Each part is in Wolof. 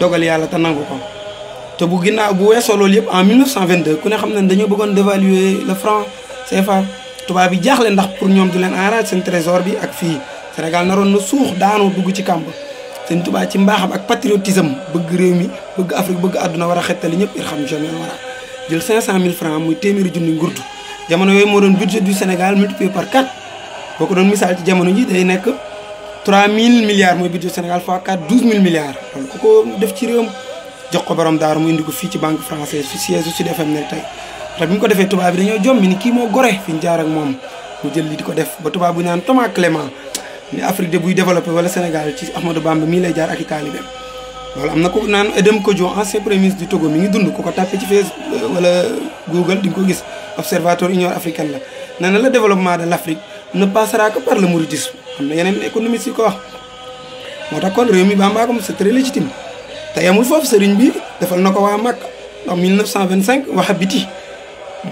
dogal yàlla te nangu ko te bu ginnaaw bu weesoo loolu yëpp en 1922 ku ne xam ne dañoo bëggoon dévaluer le franc CFA tubaab bi jaaxle ndax pour ñoom du leen arrange seen trésor bi ak fii Sénégal naroon na suux daanoo dugg ci kàmb seen tubaab ci mbaaxam ak patriotisme bëgg réew mi bëgg Afrique bëgg àdduna war a xettali ñëpp irham jamel war a jël 500000 muy téeméeri junni ngurtu jamono yooyu moo doon budget du Sénégal multiplié par 4 boo ko doon misaal ci jamono ji day nekk 3000 milliards moy budget Sénégal fois 4 12000 milliards donc ko def ci réewam jox ko borom daaru mu indi ko fi ci banque française fi siège ci FM nekk tay te bimu mu ko defé tuba bi dañoo jom ni ki mo goré fi jaar ak mom mu jël li di def ba tuba bu ñaan Thomas Clément ni Afrique de buy développer wala Sénégal ci Ahmadou Bamba mi lay jaar ak i taalibe loolu ko nan Edem Kodjo ancien premier ministre du Togo mi ngi dund ko ko tapé ci Facebook euh, wala Google di observator ko gis observateur Union africaine la nana le développement de l'Afrique ne passera que par le mouridisme am yenen yeneen économiste yu ko wax moo kon réew mi Bamba comme c'est très légitime te yamul fofu serigne bi defal nako wa mak en 1925 waxa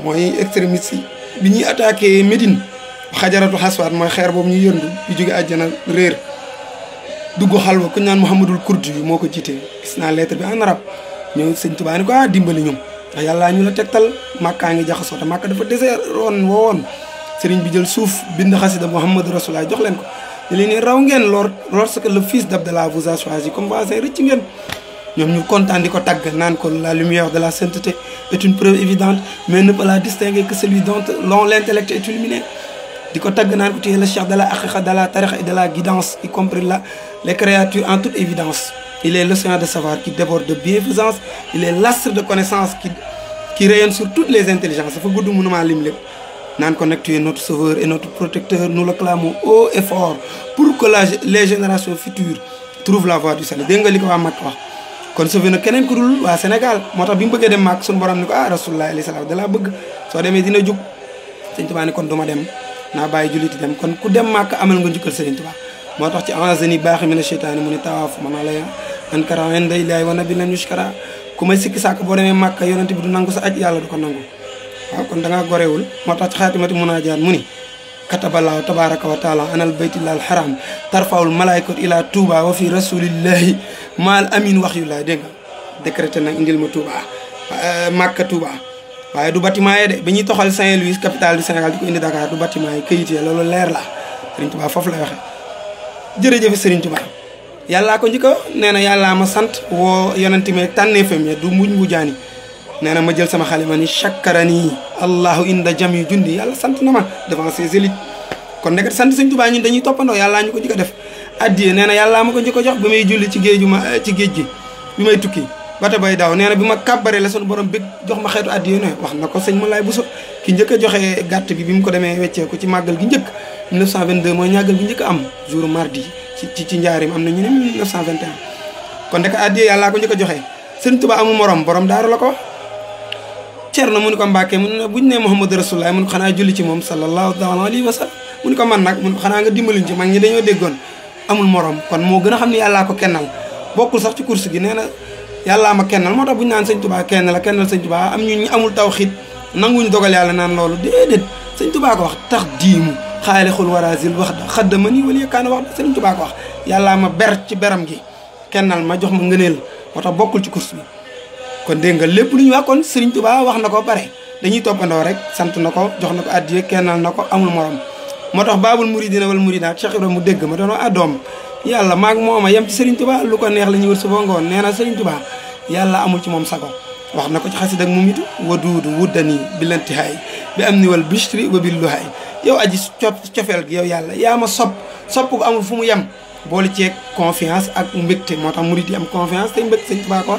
moy extrémiste yi bi ñuy attaqué Médine xajaratu xaswaat mooy xeer boobu ñuy yëndu bi jóge aljana réer duggu xalwa ku ñaan mohammedul Kurdi bi moo gis na lettre bi en arab ñëw sëñ touba ni ko ah dimbali ñom ndax ñu la tektal makka ngi jaxoso ta makka dafa désert won serigne bi jël souf bind xasida Mouhamadou jox ko raw lor lorsque le fils d'Abdallah vous a choisi comme voisin rëcc ngeen contents ñu kontaan diko tag Nan, ko la lumière de la sainteté est une preuve évidente mais ne peut la distinguer que celui dont l'intellect est illuminé diko tag Nan, naan ko le cheikh de la la et de la guidance y compris les créatures en toute évidence il est le l'océan de savoir qui déborde de bienfaisance il est l'astre de connaissance qui qui rayonne sur toutes les intelligences faut gudd mënuma lim Nan ko nak tu es notre sauveur et notre protecteur nous le clamons haut et fort pour que la les générations futures trouvent la voie du salut de nga liko ko waa wax kon sauvé na kenen ku dul wa Sénégal motax bimu bi dem mak sun borom niko ah rasulullah alayhi da la bëgg so dina juk seigne touba ne kon duma dem na baye juliti dem kon ku dem mak amal nga jukal seigne touba motax ci anzani baaxi min cheytaani mu ne man a an kara day yushkara sikki sak bo mak yonent bi du nangu sa aj yalla du ko nangu kon da nga goréwul motax khatimatu munajat muni kataba allah tabarak wa taala anal baytillah haram tarfaul malaikatu ila tuba wa fi rasulillahi mal amin wahyu la deng décrété na indil ma tuba euh, makka tuba waye du bâtiment yé dé biñi toxal saint louis capitale du sénégal diko indi dakar du bâtiment yé keuyité ya, lolu lèr la serigne tuba fofu la waxé jëre jëf serigne tuba yalla ko ndiko néna yalla ma sante wo yonentime tanéfem ya du muñ bu jani nee na ma jël sama xalima ni chakarani allahu inda jam yu jundi yàlla sant na ma devant ses élites kon nekkat sant sëñ Tuubaa dañuy toppandoo yàllaa ñu ko jëkk a def addiye nee na yàllaa ko jëkk jox ba may julli ci géeju ma eh, ci géej gi may tukki bata bay daaw bi ma kàbbaree la sunu borom bég jox ma xeetu addiye wax na ko sëñ Moulay Bousso ki njëkk joxe gàtt bi bi mu ko demee wecceeku ci màggal gi njëkk 1922 mooy ñàggal gi njëkk am jour mardi ci ci njaarim am na ñu ne 1921 kon nekkat addiye yàllaa ko njëkk a joxe sëñ Tuubaa amu morom borom daaru la ko na mu ni ko Mbàkke mu ne buñ ne Muhammadu Rasulullah mu ne ko xanaa julli ci moom sallallahu taala alayhi wa sallam mu ni ko man nag mu ne ko xanaa nga dimbaluñ ci mag ñi dañoo déggoon amul moroom kon moo gën a xam ne yàllaa ko kennal bokkul sax ci course gi nee na yàllaa ma kennal moo tax naan sëñ Tuubaa kenn la kennal sëñ Tuubaa am ñu ñu amul tawxiid nanguñ dogal yàlla naan loolu déedéet sëñ Tuubaa ko wax tax diimu xaalixul warasil wax da xadda ma nii wala yëkkaana wax sëñ Tuubaa wax yàllaa ma ber ci beram gi kennal ma jox ma ngëneel moo tax bokkul ci course bi kon dégg nga lépp lu ñu wax kon Serigne Touba wax na ko bare dañuy toppandoo rek sant na ko jox na ko addiya kennal na ko amul morom moo tax baabul muridina wal muridaat Cheikh Ibrahima mu dégg ma doonoo addoom yàlla maag mooma yem ci Serigne lu ko neex la ñuy wër suba nee na Serigne Touba yàlla amul ci moom sago wax na ko ci xasid ak mu mitu waduudu wuddani bi lantihaay bi am ni wal bistri wa billuhaay yow aji cofeel gi yow yàlla yaa ma sopp sopp amul fu mu yem boolu ceeg confiance ak mbégte moo tax mu yi am confiance te mbégte Serigne Touba ko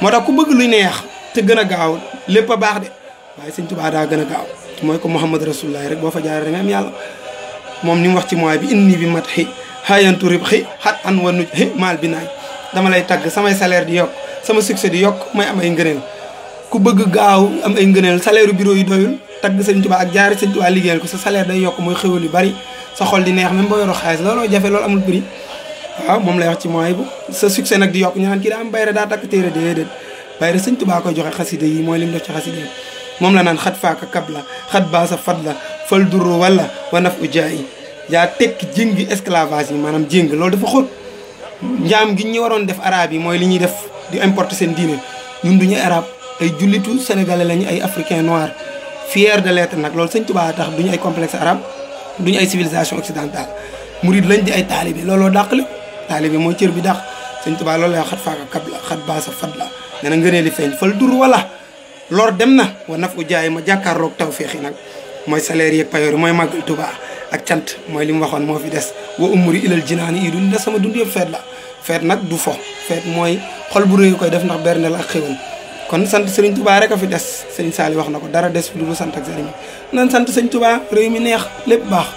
moo tax ku bëgg lu neex te gën a gaaw lépp a baax de waaye sëñ Tuubaa daa gën a gaaw mooy ko Muhammad Rasulullah rek boo fa jaaree da am yàlla moom ni mu wax ci mooy bi inni bi mat xi xayantu rib xi xat an wa nuj xi bi naaj dama lay tagg samay salaire di sama succès yokk may am ay ngëneel ku bëgg gaaw am ay ngëneel salaire bureau yi doyul tagg sëñ Tuubaa ak jaari sëñ Tuubaa liggéeyal ko sa salaire day yokk mooy xéwal yu bari sa xol di neex même boo yoroo xaalis looloo jafe loolu amul prix waaw moom lay wax ci mooy bu sa succès nag di yokk ñu kii daa am bayra daa takk téere déedéet bayra sëñ Tuubaa koy joxe xasida yi mooy lim def ci xasida yi moom la naan xat faaka kab la xat la fal duru wala wa naf u jaa yi yaa tekki jéngi esclavage yi maanaam jéng loolu dafa xóot njaam gi ñu waroon def araab yi mooy li ñuy def di importer seen diine ñun duñuy arab ay jullitu sénégalais lañu ay africain noir fier de l'être nag loolu sëñ Tuubaa tax duñu ay complexe arabe duñu ay civilisation occidentale murid lañ di ay taalibe looloo dàq taalibe mooy cër bi dax sëñ Tuubaa loolu la xat faaka kab la xat baasa fad la ne na ngënee li feeñ dur wala lor dem na wa naf u jaay ma jàkkaarloog taw feexi nag mooy salaire yeeg payoor yi mooy màggal tubaa ak cant mooy li mu waxoon moo fi des wa umuri ilal jinaani i dun sama dund yëpp feet la feet nag du fo feet mooy xol bu réy koy def ndax bernde la ak xéwal kon sant Serigne tubaa rek a fi des Serigne Saliou wax na ko dara des fi du sant ak Serigne nan